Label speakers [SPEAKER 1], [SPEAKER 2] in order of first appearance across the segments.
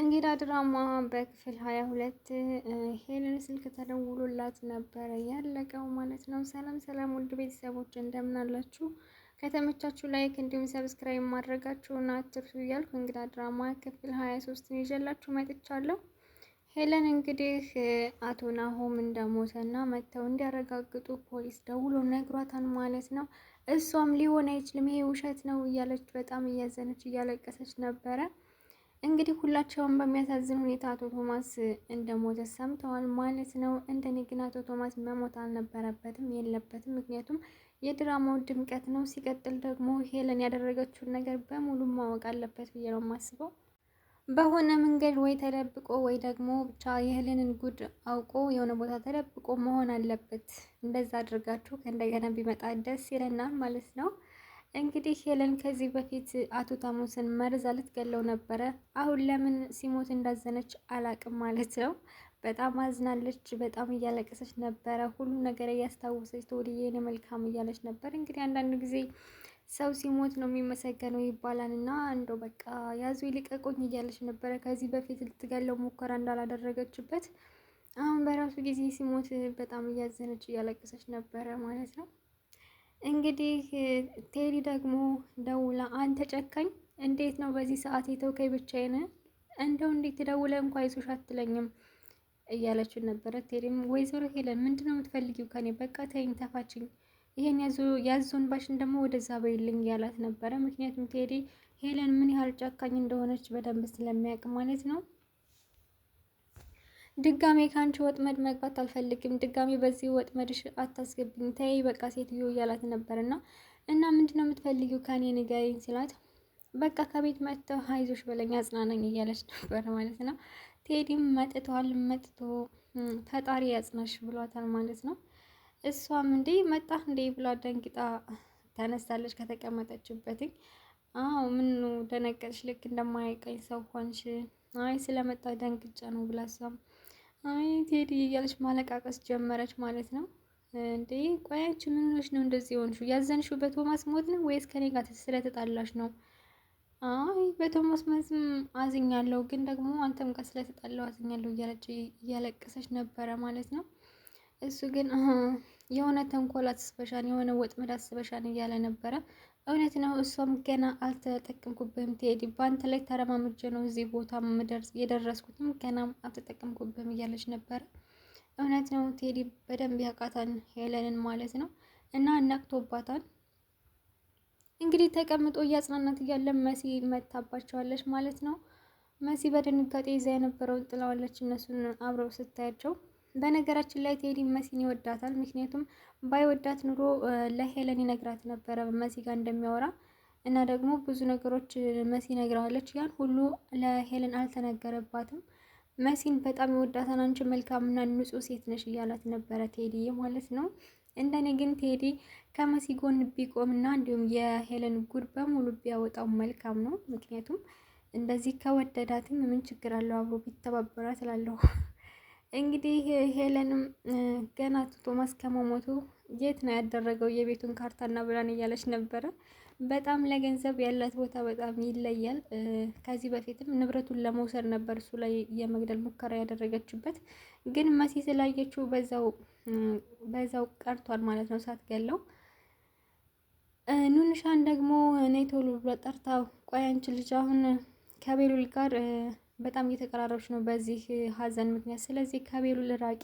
[SPEAKER 1] እንግዳ ድራማ በክፍል ሀያ ሁለት ሄለን ስልክ ተደውሎላት ነበረ ያለቀው ማለት ነው። ሰላም ሰላም፣ ውድ ቤተሰቦች እንደምን አላችሁ? ከተመቻችሁ ላይክ እንዲሁም ሰብስክራይብ ማድረጋችሁን አትርሱ እያልኩ እንግዳ ድራማ ክፍል ሀያ ሶስትን ይዤላችሁ መጥቻለሁ። ሄለን እንግዲህ አቶ ናሆም እንደሞተና መጥተው እንዲያረጋግጡ ፖሊስ ደውሎ ነግሯታን ማለት ነው። እሷም ሊሆን አይችልም ይሄ ውሸት ነው እያለች በጣም እያዘነች እያለቀሰች ነበረ። እንግዲህ ሁላቸውም በሚያሳዝን ሁኔታ አቶ ቶማስ እንደሞተ ሰምተዋል ማለት ነው። እንደኔ ግን አቶ ቶማስ መሞት አልነበረበትም የለበትም። ምክንያቱም የድራማው ድምቀት ነው። ሲቀጥል ደግሞ ሄለን ያደረገችውን ነገር በሙሉ ማወቅ አለበት ብዬ ነው የማስበው። በሆነ መንገድ ወይ ተደብቆ ወይ ደግሞ ብቻ የሄለንን ጉድ አውቆ የሆነ ቦታ ተደብቆ መሆን አለበት። እንደዛ አድርጋችሁ ከእንደገና ቢመጣ ደስ ይለናል ማለት ነው። እንግዲህ ሄለን ከዚህ በፊት አቶ ታሙስን መርዛ ልትገለው ነበረ። አሁን ለምን ሲሞት እንዳዘነች አላቅም ማለት ነው። በጣም አዝናለች። በጣም እያለቀሰች ነበረ። ሁሉ ነገር እያስታወሰች ተወድዬን መልካም እያለች ነበር። እንግዲህ አንዳንድ ጊዜ ሰው ሲሞት ነው የሚመሰገነው ይባላል እና እንደው በቃ ያዙ ይልቀቁኝ እያለች ነበረ። ከዚህ በፊት ልትገለው ሙከራ እንዳላደረገችበት አሁን በራሱ ጊዜ ሲሞት በጣም እያዘነች እያለቀሰች ነበረ ማለት ነው። እንግዲህ ቴዲ ደግሞ ደውላ አንተ ጨካኝ፣ እንዴት ነው በዚህ ሰዓት የተውከኝ? ብቻዬን እንደው እንዴት ደውለ እንኳ ይዞሽ አትለኝም እያለችው ነበረ። ቴዲም ወይዘሮ ሄለን ምንድነው የምትፈልጊው ከኔ? በቃ ተይኝ፣ ተፋችኝ፣ ይሄን ያዞን ባሽን ደግሞ ወደዛ በይልኝ እያላት ነበረ። ምክንያቱም ቴዲ ሄለን ምን ያህል ጨካኝ እንደሆነች በደንብ ስለሚያውቅ ማለት ነው። ድጋሜ ከአንቺ ወጥመድ መግባት አልፈልግም፣ ድጋሜ በዚህ ወጥመድሽ አታስገብኝ፣ ተይ በቃ ሴትዮ እያላት ነበር እና እና ምንድነው የምትፈልጊው ከኔ ንገሪኝ ሲላት በቃ ከቤት መጥተው ሀይዞሽ በለኝ አጽናናኝ እያለች ነበር ማለት ነው። ቴዲም መጥቷል። መጥቶ ፈጣሪ ያጽናሽ ብሏታል ማለት ነው። እሷም እንዴ መጣ እንዴ ብላ ደንግጣ ተነሳለች ከተቀመጠችበትኝ። አዎ ምኑ ደነገጥሽ? ልክ እንደማያውቀኝ ሰው ሆንሽ። አይ ስለመጣ ደንግጫ ነው ብላ እሷም አይ ቴዲ እያለች ማለቃቀስ ጀመረች ማለት ነው። እንዴ ቆይ ምን ሆነሽ ነው እንደዚህ የሆንሽው? ያዘንሽው በቶማስ ሞት ነው ወይስ ከኔ ጋር ስለተጣላሽ ነው? አይ በቶማስ መዝም አዝኛለሁ፣ ግን ደግሞ አንተም ጋር ስለተጣላው አዝኛለሁ እያለች እያለቀሰች ነበረ ማለት ነው። እሱ ግን የሆነ ተንኮል አስበሻን፣ የሆነ ወጥመድ አስበሻን እያለ ነበረ። እውነት ነው። እሷም ገና አልተጠቀምኩብህም ቴዲ፣ በአንተ ላይ ተረማምጀ ነው እዚህ ቦታ የደረስኩትም ገና አልተጠቀምኩብህም እያለች ነበረ። እውነት ነው ቴዲ በደንብ ያውቃታል ሄለንን ማለት ነው። እና እናቅቶባታል። እንግዲህ ተቀምጦ እያጽናናት እያለ መሲ መታባቸዋለች ማለት ነው። መሲ በድንጋጤ ይዛ የነበረውን ጥላዋለች። እነሱን አብረው ስታያቸው በነገራችን ላይ ቴዲ መሲን ይወዳታል። ምክንያቱም ባይወዳት ኑሮ ለሄለን ይነግራት ነበረ መሲ ጋር እንደሚያወራ እና ደግሞ ብዙ ነገሮች መሲ ነግራዋለች። ያን ሁሉ ለሄለን አልተነገረባትም። መሲን በጣም ይወዳታል። አንቺ መልካምና ንጹህ ሴት ነሽ እያላት ነበረ ቴዲ ማለት ነው። እንደኔ ግን ቴዲ ከመሲ ጎን ቢቆምና እንዲሁም የሄለን ጉድ በሙሉ ቢያወጣው መልካም ነው። ምክንያቱም እንደዚህ ከወደዳትም ምን ችግር አለው አብሮ ቢተባበራ ትላለሁ። እንግዲህ ሄለንም ገና ቶማስ ከመሞቱ የት ነው ያደረገው የቤቱን ካርታና ብላን እያለች ነበረ። በጣም ለገንዘብ ያላት ቦታ በጣም ይለያል። ከዚህ በፊትም ንብረቱን ለመውሰድ ነበር እሱ ላይ የመግደል ሙከራ ያደረገችበት፣ ግን መሲ ስላየችው በዛው ቀርቷል ማለት ነው ሳትገለው። ኑንሻን ደግሞ እኔ ቶሎ ብላ ጠርታ ቆይ አንቺ ልጅ አሁን ከቤሉል ጋር በጣም እየተቀራረብሽ ነው በዚህ ሀዘን ምክንያት። ስለዚህ ከቤሉ ልራቂ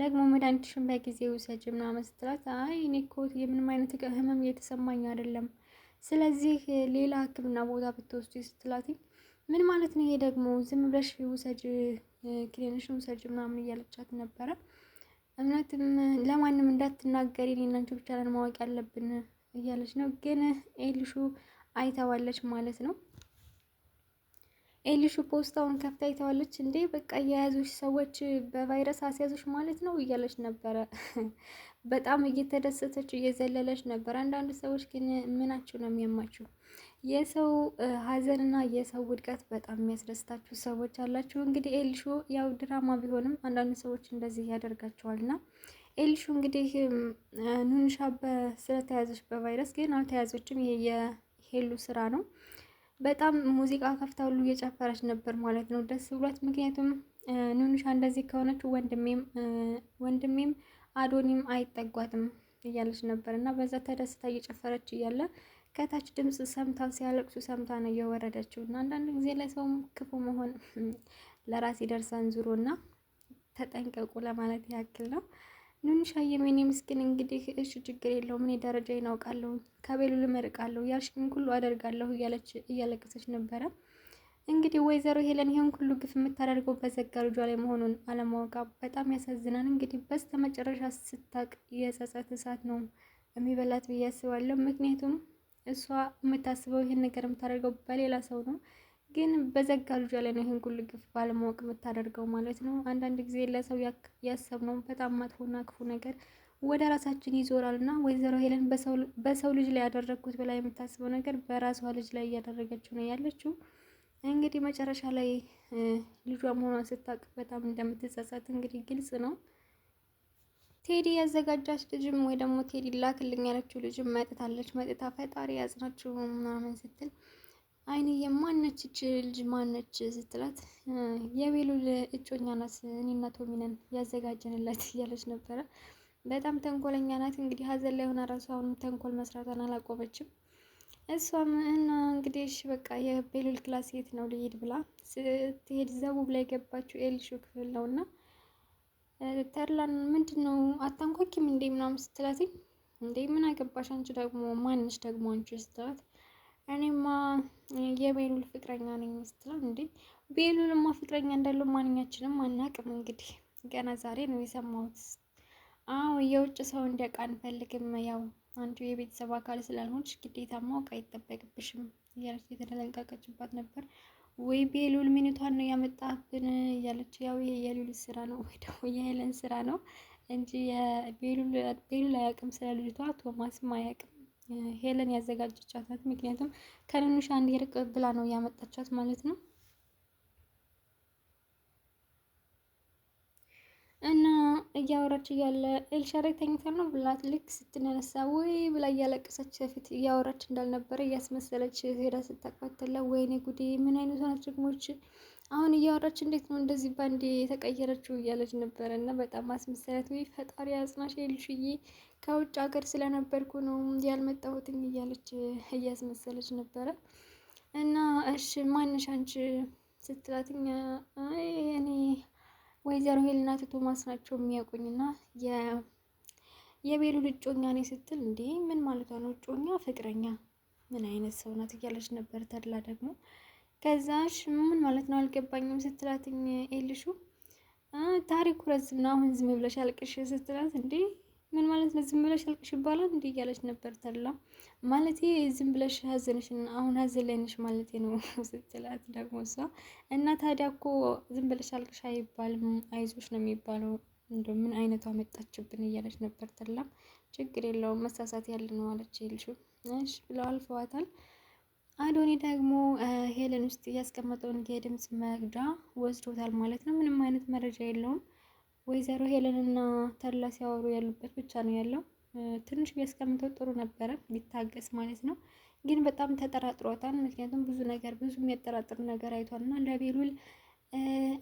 [SPEAKER 1] ደግሞ መድኃኒትሽን በጊዜ ውሰጅ ምናምን ስትላት አይ እኔ እኮ የምንም አይነት ህመም እየተሰማኝ አይደለም፣ ስለዚህ ሌላ ህክምና ቦታ ብትወስዱ ስትላት ምን ማለት ነው ይሄ ደግሞ ዝም ብለሽ ውሰጅ፣ ክሊኒሽን ውሰጅ ምናምን እያለቻት ነበረ። እምነትም ለማንም እንዳትናገሪ እኔና አንቺ ብቻ ነን ማወቅ ያለብን እያለች ነው። ግን ኤልሹ አይተዋለች ማለት ነው። ኤልሹ ፖስታውን ከፍታ ይተዋለች። እንዴ በቃ የያዙሽ ሰዎች በቫይረስ አስያዙሽ ማለት ነው እያለች ነበረ። በጣም እየተደሰተች እየዘለለች ነበር። አንዳንድ ሰዎች ግን ምናችሁ ነው የሚያማችሁ? የሰው ሀዘንና የሰው ውድቀት በጣም የሚያስደስታችሁ ሰዎች አላችሁ። እንግዲህ ኤልሹ ያው ድራማ ቢሆንም አንዳንድ ሰዎች እንደዚህ ያደርጋቸዋልና ኤልሹ እንግዲህ ኑንሻ ስለተያዘች በቫይረስ ግን አልተያዘችም። ይሄ የሄሉ ስራ ነው። በጣም ሙዚቃ ከፍታ ሁሉ እየጨፈረች ነበር ማለት ነው፣ ደስ ብሏት። ምክንያቱም ኑኑሻ እንደዚህ ከሆነች ወንድሜም አዶኒም አይጠጓትም እያለች ነበር እና በዛ ተደስታ እየጨፈረች እያለ ከታች ድምፅ ሰምታ ሲያለቅሱ ሰምታ ነው እየወረደችው እና አንዳንድ ጊዜ ለሰውም ክፉ መሆን ለራስ ይደርሳን ዙሮ እና ተጠንቀቁ ለማለት ያክል ነው። ኑንሻዬ የኔ ምስኪን እንግዲህ እሺ ችግር የለውም እኔ ደረጃ ይናውቃለሁ ከቤሉ ልመርቃለሁ ያልሽኝ ሁሉ አደርጋለሁ እያለች እያለቀሰች ነበረ። እንግዲህ ወይዘሮ ሄለን ይህን ሁሉ ግፍ የምታደርገው በዘጋ ልጇ ላይ መሆኑን አለማወቃ በጣም ያሳዝናል። እንግዲህ በስተ መጨረሻ ስታቅ የጸጸት እሳት ነው የሚበላት ብዬ አስባለሁ። ምክንያቱም እሷ የምታስበው ይህን ነገር የምታደርገው በሌላ ሰው ነው። ግን በዘጋ ልጇ ላይ ነው ይህን ሁሉ ግፍ ባለማወቅ የምታደርገው ማለት ነው። አንዳንድ ጊዜ ለሰው ያሰብነው በጣም መጥፎና ክፉ ነገር ወደ ራሳችን ይዞራል እና ወይዘሮ ሄለን በሰው ልጅ ላይ ያደረግኩት ብላ የምታስበው ነገር በራሷ ልጅ ላይ እያደረገችው ነው ያለችው። እንግዲህ መጨረሻ ላይ ልጇ መሆኗን ስታውቅ በጣም እንደምትጸጸት እንግዲህ ግልጽ ነው። ቴዲ ያዘጋጃች ልጅም ወይ ደግሞ ቴዲ ላክልኝ ያለችው ልጅም መጥታለች። መጥታ ፈጣሪ ያጽናችሁ ምናምን ስትል አይንዬ ማነች ይች ልጅ ማነች ስትላት የቤሉል እጮኛ ናት እኔና ቶሚ ያዘጋጀንላት እያለች ነበረ። በጣም ተንኮለኛ ናት። እንግዲህ ሀዘን ላይ ሆና ራሱ አሁንም ተንኮል መስራቷን አላቆመችም። እሷም እና እንግዲህ በቃ የቤሉል ክላስ የት ነው ልሄድ ብላ ስትሄድ ዘቡብ ላይ ገባችው ኤልሹ ክፍል ነው እና ተድላን ምንድን ነው አታንኳኪም እንዴ ምናምን ስትላት እንዴ ምን አገባሽ አንቺ ደግሞ ማንሽ ደግሞ አንቺ ስትላት እኔማ የቤሉል ፍቅረኛ ነኝ ስትለው እንዴ ቤሉልማ ፍቅረኛ እንዳለው ማንኛችንም አናቅም። እንግዲህ ገና ዛሬ ነው የሰማሁት። አዎ የውጭ ሰው እንዲያውቅ አንፈልግም። ያው አንቺ የቤተሰብ አካል ስላልሆንሽ ግዴታ ማወቅ አይጠበቅብሽም እያለች የተደነቃቀችባት ነበር። ወይ ቤሉል ሚኒቷን ነው ያመጣብን እያለች ያው የሉል ስራ ነው ወይ ደግሞ የሄለን ስራ ነው እንጂ ቤሉል አያውቅም ስለ ልጅቷ ቶማስም አያውቅም። ሄለን ያዘጋጀቻት ናት። ምክንያቱም ከንንሽ አንድ ርቅ ብላ ነው ያመጣቻት ማለት ነው። እና እያወራች እያለ ኤልሻዳይ ተኝታ ነው ብላት ልክ ስትነሳ ወይ ብላ እያለቀሰች ፊት እያወራች እንዳልነበረ እያስመሰለች ሄዳ ስታቃተለ ወይኔ ጉዴ ምን አይነት ሆናት ደግሞች አሁን እያወራች እንዴት ነው እንደዚህ ባንዴ የተቀየረችው እያለች ነበረ። እና በጣም አስመሰለት። ወይ ፈጣሪ አጽናሽ ልሽዬ፣ ከውጭ ሀገር ስለነበርኩ ነው ያልመጣሁትኝ እያለች እያስመሰለች ነበረ። እና እሺ ማንሽ አንቺ ስትላትኝ እኔ ወይዘሮ ሄልና ቶማስ ናቸው የሚያውቁኝና የቤሉ እጮኛ እኔ ስትል እንዴ ምን ማለቷ ነው? እጮኛ ፍቅረኛ ምን አይነት ሰው ናት እያለች ነበር። ተድላ ደግሞ ከዛሽ ምን ማለት ነው አልገባኝም ስትላትኝ ኤልሹ ታሪኩ ረዝም ነው አሁን ዝም ብለሽ አልቅሽ ስትላት እንዴ ምን ማለት ነው ዝም ብለሽ አልቅሽ ይባላል እንዴ እያለች ነበር ተላ ማለት ዝም ብለሽ ሀዘንሽ አሁን ሀዘን ማለት ነው ስትላት ደግሞ እሷ እና ታዲያ እኮ ዝም ብለሽ አልቅሽ አይባልም አይዞሽ ነው የሚባለው እንደ ምን አይነቷ መጣችብን እያለች ነበር ተላ ችግር የለውም መሳሳት ያለ ነው አለች ኤልሹ ብለው አልፈዋታል አዶኒ ደግሞ ሄለን ውስጥ ያስቀመጠውን የድምፅ መቅጃ ወስዶታል ማለት ነው። ምንም አይነት መረጃ የለውም። ወይዘሮ ሄለን እና ተላ ሲያወሩ ያሉበት ብቻ ነው ያለው። ትንሽ ቢያስቀምጠው ጥሩ ነበረ፣ ቢታገስ ማለት ነው። ግን በጣም ተጠራጥሯታል ምክንያቱም ብዙ ነገር ብዙ የሚያጠራጥር ነገር አይቷል እና ለቤሉል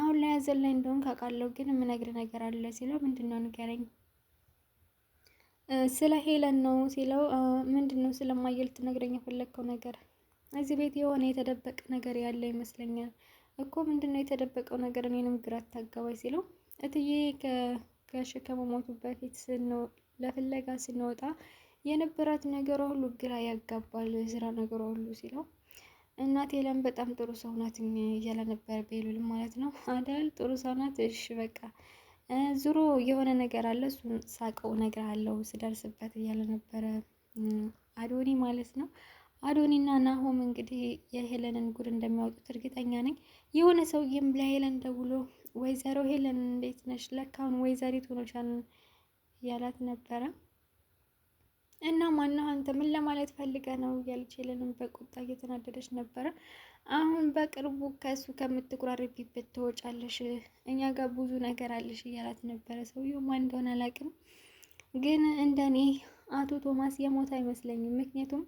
[SPEAKER 1] አሁን ላይ ያዘን ላይ እንደሆን ካውቃለሁ፣ ግን የምነግር ነገር አለ ሲለው ምንድነው ንገረኝ ስለ ሄለን ነው ሲለው ምንድን ነው ስለማየል የፈለግከው ነገር እዚህ ቤት የሆነ የተደበቀ ነገር ያለ ይመስለኛል እኮ ምንድን ነው የተደበቀው ነገር እኔንም ግራ አጋባኝ ሲለው እትዬ ከጋሽ ከመሞቱ በፊት ለፍለጋ ስንወጣ የነበራት ነገሯ ሁሉ ግራ ያጋባል የስራ ነገሯ ሁሉ ሲለው እናቴ ለም በጣም ጥሩ ሰው ናት እያለ ነበር ቤሉል ማለት ነው አዳል ጥሩ ሰው ናት እሺ በቃ ዙሮ የሆነ ነገር አለ እሱን ሳቀው ነገር አለው ስደርስበት እያለ ነበረ አዶኒ ማለት ነው አዶኒና ናሆም እንግዲህ የሄለንን ጉድ እንደሚያወጡት እርግጠኛ ነኝ። የሆነ ሰውዬም ለሄለን ደውሎ ወይዘሮ ሄለን እንዴት ነሽ? ለካሁን ወይዘሪት ሆኖሻል ያላት ነበረ እና ማነው አንተ ምን ለማለት ፈልገ ነው እያለች ሄለንን በቁጣ እየተናደደች ነበረ። አሁን በቅርቡ ከእሱ ከምትቁራርቢበት ትወጫለሽ፣ እኛ ጋር ብዙ ነገር አለሽ እያላት ነበረ። ሰውየው ማን እንደሆነ አላውቅም፣ ግን እንደኔ አቶ ቶማስ የሞት አይመስለኝም ምክንያቱም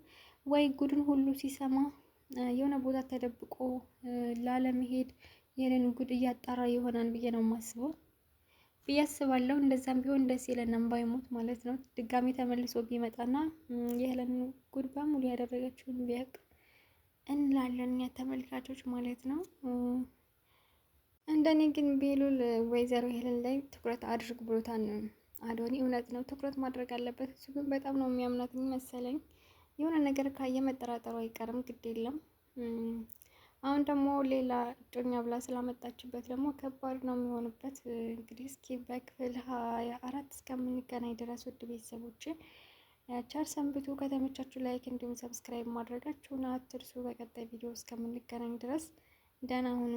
[SPEAKER 1] ወይ ጉድን ሁሉ ሲሰማ የሆነ ቦታ ተደብቆ ላለመሄድ ይህንን ጉድ እያጣራ ይሆናል ብዬ ነው የማስበው ብዬ አስባለሁ። እንደዛም ቢሆን ደስ ይለናል ባይሞት ማለት ነው። ድጋሚ ተመልሶ ቢመጣና የህለን ጉድ በሙሉ ያደረገችውን ቢያቅ እንላለን እኛ ተመልካቾች ማለት ነው። እንደኔ ግን ቤሉል ወይዘሮ ሄለን ላይ ትኩረት አድርግ ብሎታን አዶኒ። እውነት ነው ትኩረት ማድረግ አለበት። እሱ ግን በጣም ነው የሚያምናት መሰለኝ። የሆነ ነገር ካየ መጠራጠሩ አይቀርም። ግድ የለም። አሁን ደግሞ ሌላ እጮኛ ብላ ስላመጣችበት ደግሞ ከባድ ነው የሚሆንበት። እንግዲህ እስኪ በክፍል ሀያ አራት እስከምንገናኝ ድረስ ውድ ቤተሰቦች ቸር ሰንብቱ። ከተመቻችሁ ላይክ እንዲሁም ሰብስክራይብ ማድረጋችሁን አትርሱ። በቀጣይ ቪዲዮ እስከምንገናኝ ድረስ ደህና ሁኑ።